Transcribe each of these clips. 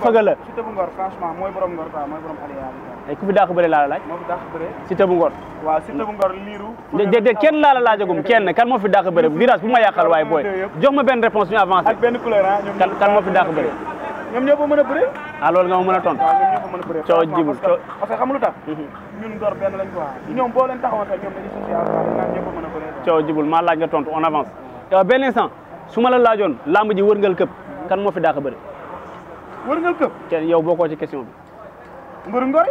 fëgal la Siteu bu Ngor franchement mooy borom Ngor quoi mooy borom Aliou ku fi dàq bëre laa la laaj. moo de de kenn laa la laajagum kenn kan moo fi dàq bëre virage bu ma yàqal waaye booy jox ma benn réponse ñu avancé. Ah, kan moo fi dàq bëre. ñoom ñoo ko mën a ah, nga ma mën a tontu. a coow jibul coow mhm. boo leen taxawoon tey ñoom dañuy social ñoom ñoo ko mën a bëre. coow jibul maa laaj nga tontu on avance. yow euh, benn instant su ma la laajoon lamb ji wërngal këpp kan moo fi dàq bëre wërngal këpp. te yow bokkoo ci question bi. mbëru ngor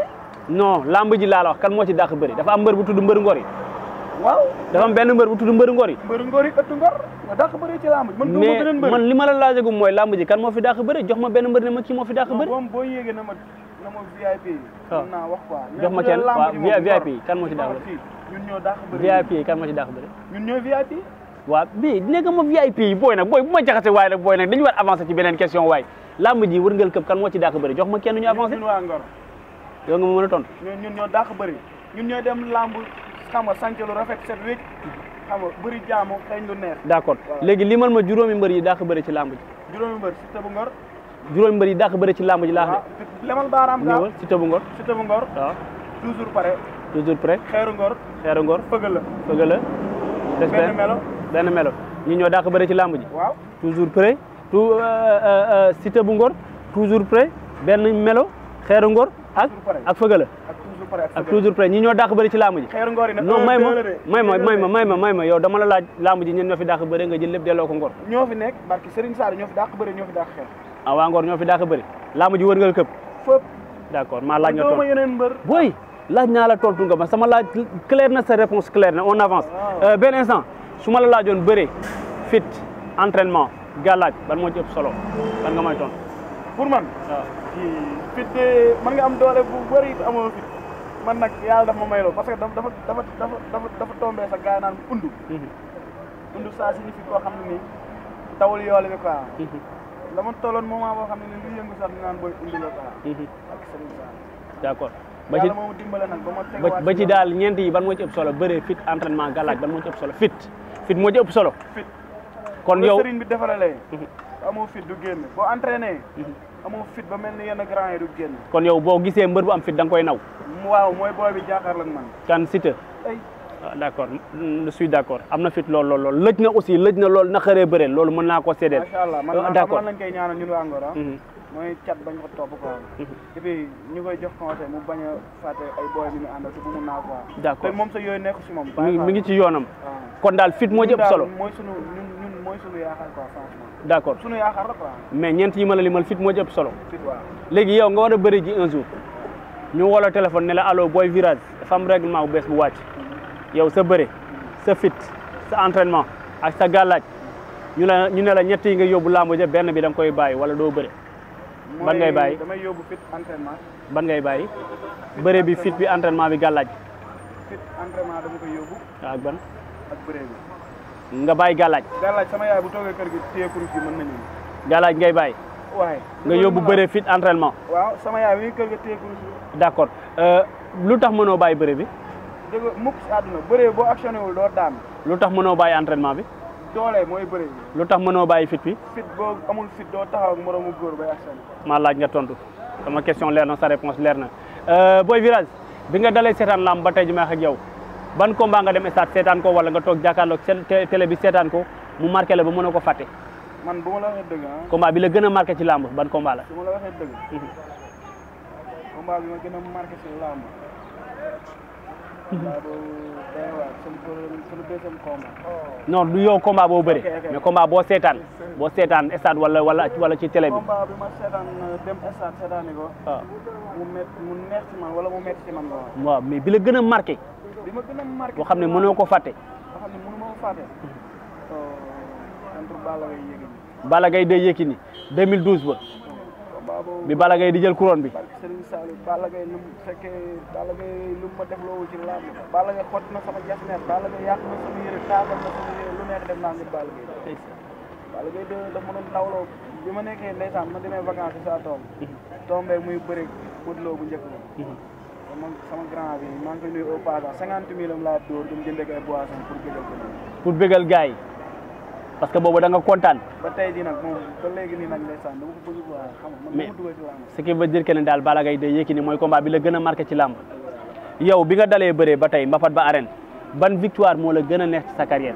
no non lamb ji laa wax kan moo ci dàq bëri dafa am mbër bu tudd mbëru ngor yi. waaw dafa am benn mbër bu tudd mbëru ngor yi. mbëru ngor yi ëttu ngor nga man gëmuma beneen mbër mais man li ma la laajagum mooy lamb ji kan moo fi dàq bëri jox ma benn mbër ne ma kii moo fi dàq bëri. moom boo yéegee ah. na wax quoi. jox ma kenn waaw VIP kan moo ci dàq bëri. ñun ñoo moo ci dàq bëri. ñun ñoo VIP. waaw bii nekk ma booy nag booy bu ma jaxase waaye nag booy nag dañu war avancer ci beneen question waaye làmb ji wërngal këpp kan moo ci dàq bëri jox ma kenn ñu avancé ñun waa Ngor yow nga ma mën a tontu ñun ñoo dàq bëri ñun ñooy dem làmb xam nga sànq lu rafet set wécc xam nga bëri jaamu xeeñ lu neex d'accord léegi limal ma juróomi mbër yi dàq bëri ci làmb ji juróomi mbër si tëbu Ngor juróomi yi dàq bëri ci làmb ji laax de lemal baaraam gaaw si tëbu Ngor si tëbu Ngor waaw ah. toujours pare toujours prêt xeeru Ngor xeeru Ngor fëgg la fëgg la benn melo benn melo ñi ñoo dàq bëri ci làmb ji waaw toujours prêt tout euh, euh, euh, cité bu Ngor toujours près benn melo xeeru Ngor ak ak fëgala ak toujours près ñi ñoo dàq bëri ci laamu ji non may ma may ma may ma may ma may ma yow dama la laaj laamu ji ñen ñoo fi dàq bëri nga jël lépp delloo ko Ngor ñoo fi nekk barki Serigne Sarr ñoo fi dàq bëri ñoo fi dàq xeex ah waa Ngor ñoo fi dàq bëri laamu ji wërngal këpp fépp d'accord maa laaj nga tontu booy laaj naa la tontu nga ma sama laaj clair na sa réponse claire na on avance benn instant su ma la laajoon bëri fit entrainement nga ban mo ci ëpp solo ban nga may ton pour man ci fit man nga am doole bu bari te amo fit man nak yalla dama ma may loolu parce que dama dama dama dama dama tomber sa gaay nan undu mhm. undu sa signifie ko xamni ni tawul yole ni quoi mhm. la tolon tolloon moment boo xam ne nii lu yëngu sax naan booy undu la quoi mhm. ak sëriñ sa d' ba ci mo dimbalé nak bama ma ba ci dal ñent yi ban mo ci ëpp solo bëree fit entraînement galaaj ban mo ci ëpp solo fit fit mo ci ëpp solo fit kon yow sëriñ bi defaralee. Mhm. amoo boo mhm. ba mel ni yenn grand yi du génn. kon boo gisee mbër bu am fit da nga koy naw. waaw mooy booy bi jàkkaarloo ak man. kan Siteu. ah d' accord je suis am na fit lool lool lool lëj na aussi lëj na lool na xëree bëre loolu mën naa ko séddee. macha allah man ah, d' accord lañ koy ñaanal ñun waa Ngor mhm. ko topp ñu koy jox conseil mu bañ a fàtte ay booy mi ñu àndal te bu mu moom sa yooyu nekk si moom. mi ngi ci yoonam. Ah. kon daal fit moo jëm solo. mooy sunu mooy sunu yaakaar quoi franchement. d' accord sunu yaakaar la quoi. mais ñeent yi ma la limal fit Il y solo. fit peu de yow nga y a bëri ji un jour ñu wala téléphone ne la allo booy virage dafa am règlement bu bees bu wàcc mhm. yow sa bëre sa fit sa entraînement ak sa gàllaaj ñu la ñu ne la ñett yi nga yóbbu làmb ja benn bi da koy bàyyi wala doo bëre. ban ngay bàyyi damay yóbbu fit entraînement. ban ngay bàyyi bëre bi fit bi entraînement bi gàllaaj. fit entraînement dama koy yóbbu. ak ban ak bëre bi. nga bàyyi gàllaaj gàllaaj sama yaay bu toogee kër gi téye kurus gi mën nañu gàllaaj ngay bàyyi waaye nga yóbbu bëre fit entraînement waaw sama yaay wi kër ga téye kurus d' accord euh, lu tax mënoo bàyyi bëre bi dëgg mukk si boo actionné wul doo daan lu tax mënoo bàyyi entraînement bi doole mooy bëre bi lu tax mënoo bàyyi fit bi fit boo amul fit doo taxaw ak moroomu góor bay actionné maa laaj nga tontu sama question leer na sa réponse leer na euh, booy virage bi nga dalee seetaan lamb ba tey ji may wax ak yow ban combat nga dem stade seetaan ko wala nga toog jàkkaarloog seen bi seetaan ko mu marqué la ba mën a ko fàtte. man bu ma ah. bi la gën a marqué ci làmb ban combat la. su ma la waxee dëgg. Mhm. combat bi ma gën a marqué boo bëri boo seetaan boo seetaan stade wala wala wala ci télé bi. Euh, ah. mu met mu man waaw mais bi la gën a marqué. bi ma gën xam ne mënoo ko fàtte. boo xam ne mënuma ko fàtte. entre Balla Gaye Yékini. Balla Gaye day Yékini 2012 ba. bi Balla Gaye couronne bi. Serigne Saliou Balla Gaye lu mu lu mu ma def loo ci làmb Balla Gaye xott na sama jasneer Balla Gaye yàq na sama yére taabal de bi ma nekkee ndeysaan ma demee vacances saa toom mhm. tombé muy bëri Modou Lo bu njëkk la. sama sama grand bi maa ngi koy nuyu pour bégal ko gars yi parce que boobu da nga kontaan. ba tey jii nag moom léegi nii nag ndeysaan dama ko bëgg waa ce qui veut dire que daal bala Gaye day Yékini mooy combat bi la gën a marqué ci làmb yow bi nga dalee bëree ba tey mbapat ba arène ban victoire moo la gën a neex ci sa carrière.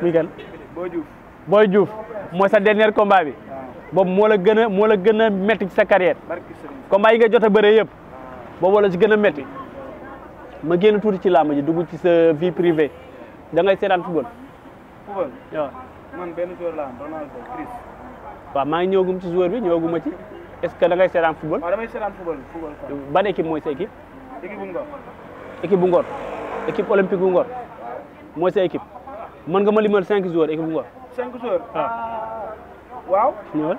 muy kan. boo Diouf Boy mooy sa dernier combat bi. boobu moo la gën a moo la gën a métti ci sa carrière. combat yi nga jot a bëree yëpp. boobu la ci gën a metti ma génn tuuti ci làmb ji dugg ci sa vie privée da ngay seetaan football. football benn joueur laa am maa ngi ñëwagum ci joueur bi ñëwaguma ci est-ce que da ngay seetaan football. waaw damay seetaan football football ban équipe mooy sa équipe. équipe bu Ngor. équipe bu bu Ngor mooy sa équipe. mën nga ma limal cinq joueurs équipe bu Ngor. cinq joueurs waaw. Ah. Ah. waaw. ñëwal.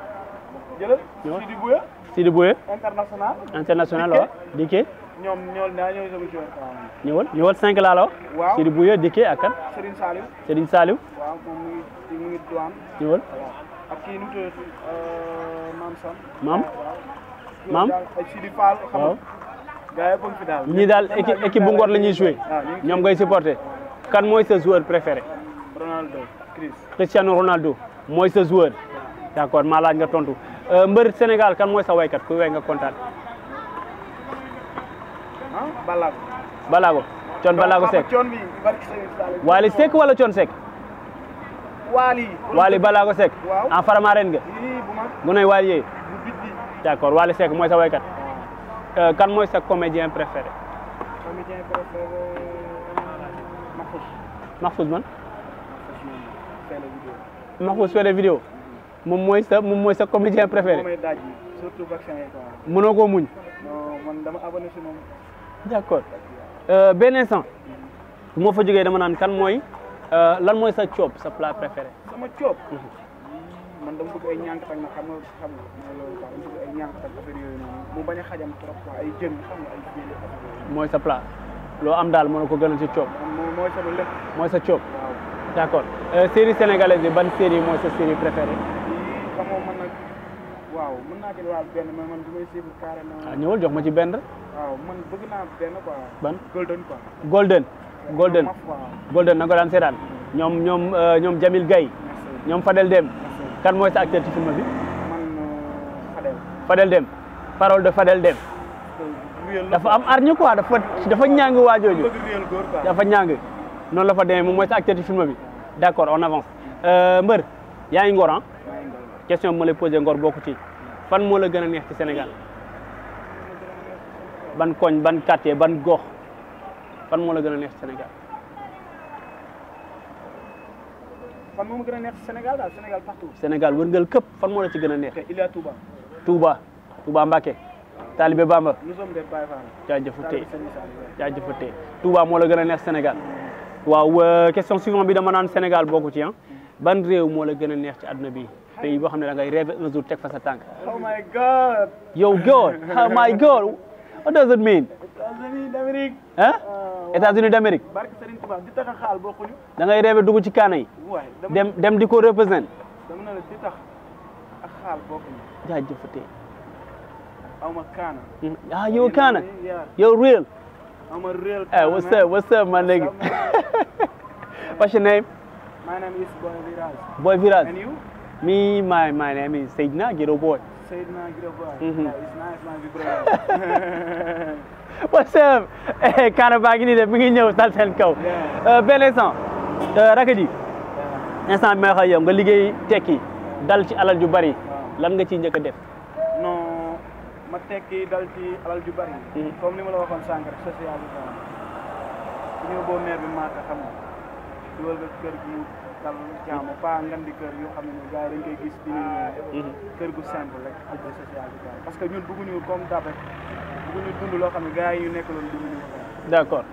jëlal Sidi Bouye. Sidi Bouye. international. international waaw Diké. ñoom ñëwal la wax. waaw Sidi Bouye Diké ak kan. Serigne Saliou. Serigne Saliou. waaw moom mu euh, ngi la ñuy joué. Ah, ñoom ngay supporté. kan mooy sa joueur préféré. Ronaldo Chris. Cristiano Ronaldo moi ce joueur. D'accord, accord maa laaj nga tontu mbër Sénégal kan mooy sa way kat ku way nga contane. Hein? Balago. Balago Thione Balago bi Seck Wali Seck wala Thione Seck. Wali. Wali Balago Seck. waaw en faramaren nga. mu ne Wally D'accord, wali accord Wally sa way kat. Euh kan mooy sa comédien préféré. comédien préféré Mahfouz. Mahfouz man. Mahfouz fait la vidéo mm-hmm. moom mooy sa moom mooy sa comédien préféré. a vaccin yi quoi. mënoo koo muñ. non man dama abonné si moom. d' accord euh, benn instant mm-hmm. bu ma fa jógee dama naan kan mooy euh, lan mooy sa coob sa plat préféré. sama coob. Mm-hmm. man dama bëgg ay ñànk tak na xam xam nga loolu quoi dama bëgg yooyu noonu mu bañ a ay jën xam mooy sa plat loo am daal mën na ko gënal ci coob. mooy mooy sa coob. D'accord. Euh, série sénégalaise bi ban série mooy sa série préférée. xam nga man ben. waaw Golden Golden. Golden. Golden. Golden. Golden. Golden. Golden. Golden. Golden. Golden. ah ñëwal jox ma Golden, Golden, golden golden. golden golden na ko euh, Jamil Fadel Dem. Kan euh, Fadel. Dem parole de Fadel Dem. dafa am arñu quoi dafa dafa ñàng waa dafa noonu la fa demee moom mooy sa acteur ci film bi d' accord on avance euh, mbër yaa ngi ngor ah question bi ma lay ngor bokku fan moo la gën a neex ci Sénégal ban koñ ban quartier ban gox fan moo la gën a neex ci Sénégal. ma gën a neex Sénégal daal Sénégal partout. Sénégal wërngal képp fan moo la ci gën a neex. il y a Touba. Touba Touba Mbacké. Talibé Bamba. nous sommes des moo la gën a neex Sénégal. waaw euh, question suivante bi dama naan Sénégal bokku ci ah ban réew moo la gën a neex ci àdduna bi boo xam ne da ngay rêver un teg fa sa tànk. oh my god. yow god oh my god what does it mean. États-Unis d'Amérique. ah unis d'Amérique. barke Serigne Touba ci kaana yi. dem di ko représenter. dama ne la hmm. ah, yow kaana yow real. I'm a real Hey, what's man. up? What's is Boy Viraj. Boy Viraj. And you? Me, my my name is Seydna Ghetto Boy. Seydna Ghetto Boy. Mm Kana baa ngi nii de mi ngi ñëw sal seen kaw. benn instant. raka ji. instant bi may wax nga liggéey tekki dal ci alal ju bari lan nga ci njëkk a def. ma tekki dal ci alal ju bari. Hmm. comme ni ma la waxoon sànq rek social bi quoi. su ñëw boo meer bi maaka xam nga dugal nga kër gu dal jaamu hmm. pas ngandi kër yoo xam ne gars yi dañ koy gis di ah, hmm. kër gu simple rek ak social bi quoi parce que ñun bëgguñu comme dab rek bëgguñu dund loo xam ne gars yi ñu nekk loon dunduñu ko. d' accord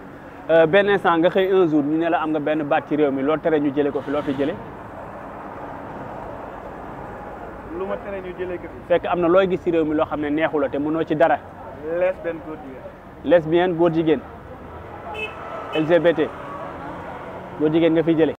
euh, benn instant nga xëy un jour ñu ne la am nga benn baat ci réew mi loo tere ñu jëlee ko fi loo fi jëlee. lu ma tere ñu jëlee fekk am na looy gis mi loo xam ne neexu la te mënoo ci dara. lesbienne góor jigéen. lesbienne góor jigéen. LGBT góor jigéen nga fiy jëlee.